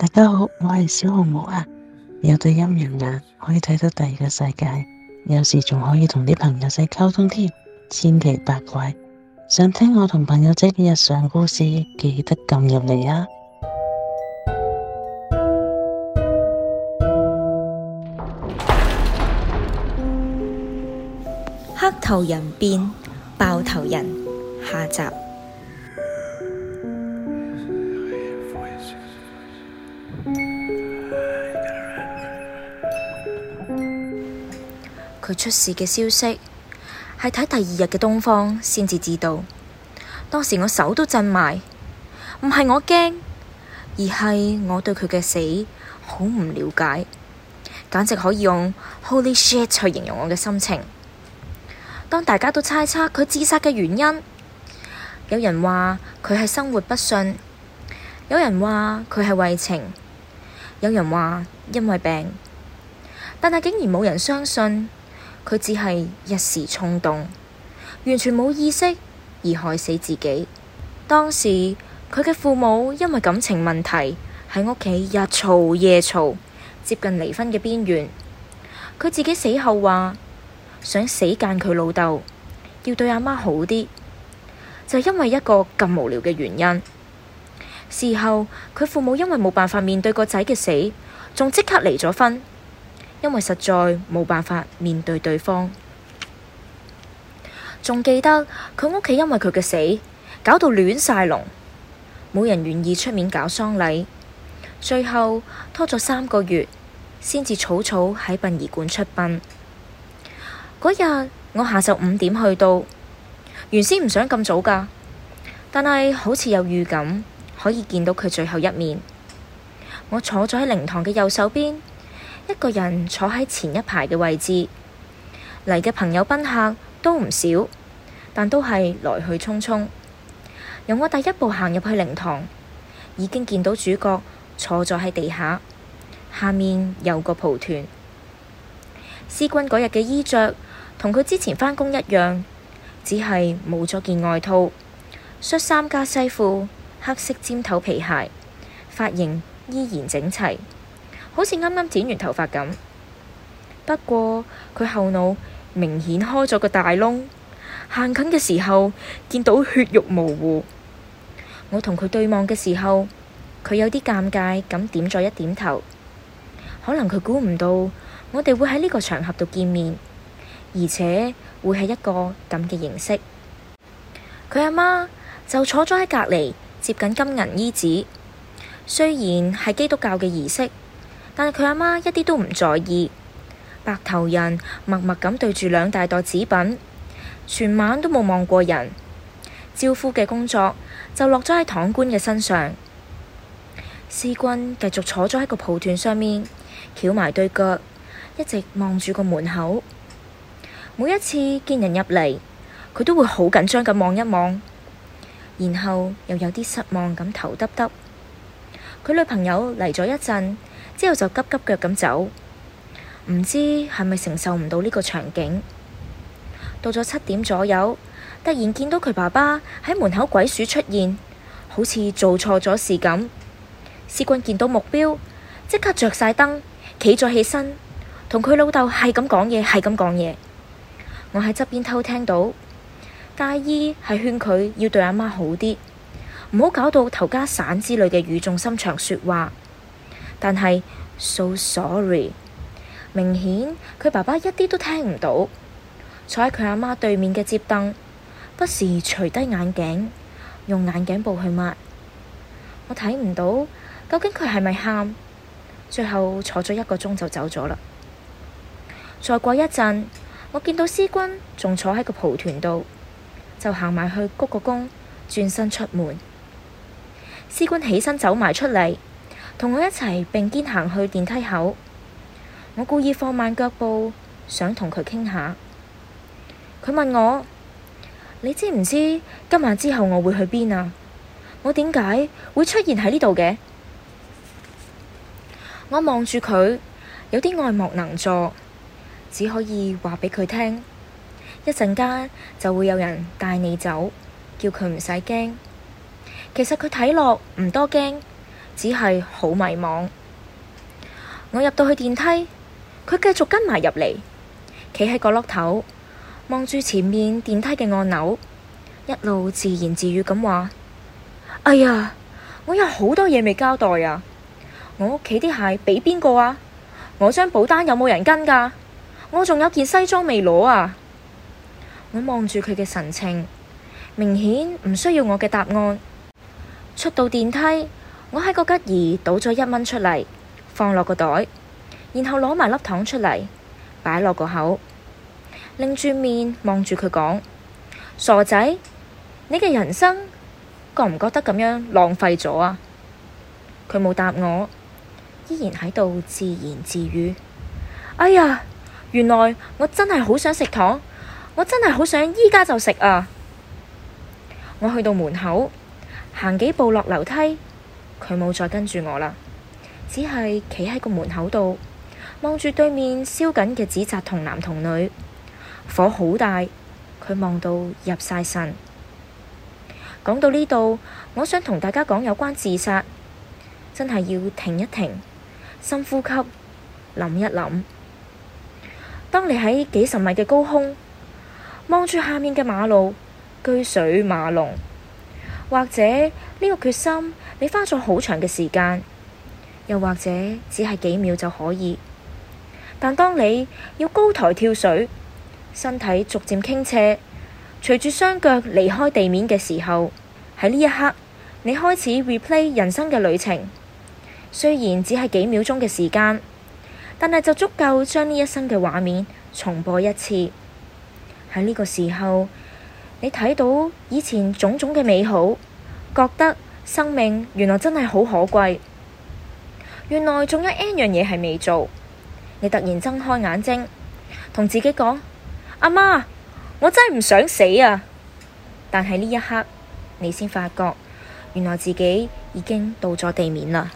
大家好，我係小紅帽啊，有對陰陽眼可以睇到第二個世界，有時仲可以同啲朋友仔溝通添，千奇百怪。想聽我同朋友仔嘅日常故事，記得撳入嚟啊！黑頭人變爆頭人，下集。佢出事嘅消息係睇第二日嘅東方先至知道。當時我手都震埋，唔係我驚，而係我對佢嘅死好唔了解，簡直可以用 Holy shit 去形容我嘅心情。當大家都猜測佢自殺嘅原因，有人話佢係生活不順，有人話佢係為情，有人話因為病，但係竟然冇人相信。佢只係一時衝動，完全冇意識而害死自己。當時佢嘅父母因為感情問題，喺屋企日嘈夜嘈，接近離婚嘅邊緣。佢自己死後話想死諫佢老豆，要對阿媽好啲，就是、因為一個咁無聊嘅原因。事後佢父母因為冇辦法面對個仔嘅死，仲即刻離咗婚。因為實在冇辦法面對對方，仲記得佢屋企因為佢嘅死搞到亂晒龍，冇人願意出面搞喪禮，最後拖咗三個月先至草草喺殯儀館出殯。嗰日我下晝五點去到，原先唔想咁早㗎，但係好似有預感可以見到佢最後一面，我坐咗喺靈堂嘅右手邊。一個人坐喺前一排嘅位置，嚟嘅朋友賓客都唔少，但都係來去匆匆。由我第一步行入去靈堂，已經見到主角坐咗喺地下，下面有個蒲團。C 君嗰日嘅衣着同佢之前返工一樣，只係冇咗件外套，恤衫加西褲，黑色尖頭皮鞋，髮型依然整齊。好似啱啱剪完頭髮咁，不過佢後腦明顯開咗個大窿。行近嘅時候見到血肉模糊，我同佢對望嘅時候，佢有啲尷尬咁點咗一點頭。可能佢估唔到我哋會喺呢個場合度見面，而且會係一個咁嘅形式。佢阿媽就坐咗喺隔籬摺緊金銀衣紙，雖然係基督教嘅儀式。但係佢阿媽一啲都唔在意，白頭人默默咁對住兩大袋紙品，全晚都冇望過人，招呼嘅工作就落咗喺堂倌嘅身上。C 君繼續坐咗喺個蒲團上面，翹埋對腳，一直望住個門口。每一次見人入嚟，佢都會好緊張咁望一望，然後又有啲失望咁頭耷耷。佢女朋友嚟咗一陣，之後就急急腳咁走，唔知係咪承受唔到呢個場景。到咗七點左右，突然見到佢爸爸喺門口鬼鼠出現，好似做錯咗事咁。C 君見到目標，即刻着晒燈，企咗起身，同佢老豆係咁講嘢，係咁講嘢。我喺側邊偷聽到，大意係勸佢要對阿媽好啲。唔好搞到頭家散之類嘅語重心長說話，但係 so sorry，明顯佢爸爸一啲都聽唔到，坐喺佢阿媽對面嘅摺凳，不時除低眼鏡，用眼鏡布去抹。我睇唔到究竟佢係咪喊，最後坐咗一個鐘就走咗啦。再過一陣，我見到 C 君仲坐喺個蒲團度，就行埋去鞠個躬，轉身出門。C 君起身走埋出嚟，同我一齊並肩行去電梯口。我故意放慢腳步，想同佢傾下。佢問我：你知唔知今晚之後我會去邊啊？我點解會出現喺呢度嘅？我望住佢，有啲愛莫能助，只可以話畀佢聽：一陣間就會有人帶你走，叫佢唔使驚。其實佢睇落唔多驚，只係好迷茫。我入到去電梯，佢繼續跟埋入嚟，企喺角落頭，望住前面電梯嘅按鈕，一路自言自語咁話：哎呀，我有好多嘢未交代啊！我屋企啲鞋俾邊個啊？我張保單有冇人跟㗎？我仲有件西裝未攞啊！我望住佢嘅神情，明顯唔需要我嘅答案。出到電梯，我喺個吉儀倒咗一蚊出嚟，放落個袋，然後攞埋粒糖出嚟，擺落個口，擰住面望住佢講：傻仔，你嘅人生覺唔覺得咁樣浪費咗啊？佢冇答我，依然喺度自言自語：哎呀，原來我真係好想食糖，我真係好想而家就食啊！我去到門口，行幾步落樓梯，佢冇再跟住我啦，只係企喺個門口度，望住對面燒緊嘅紙紮童男童女，火好大，佢望到入晒神。講到呢度，我想同大家講有關自殺，真係要停一停，深呼吸，諗一諗。當你喺幾十米嘅高空，望住下面嘅馬路，車水馬龍。或者呢個決心，你花咗好長嘅時間，又或者只係幾秒就可以。但當你要高台跳水，身體逐漸傾斜，隨住雙腳離開地面嘅時候，喺呢一刻，你開始 replay 人生嘅旅程。雖然只係幾秒鐘嘅時間，但係就足夠將呢一生嘅畫面重播一次。喺呢個時候。你睇到以前種種嘅美好，覺得生命原來真係好可貴。原來仲有 n 樣嘢係未做，你突然睜開眼睛，同自己講：阿媽，我真係唔想死啊！但係呢一刻，你先發覺，原來自己已經到咗地面啦。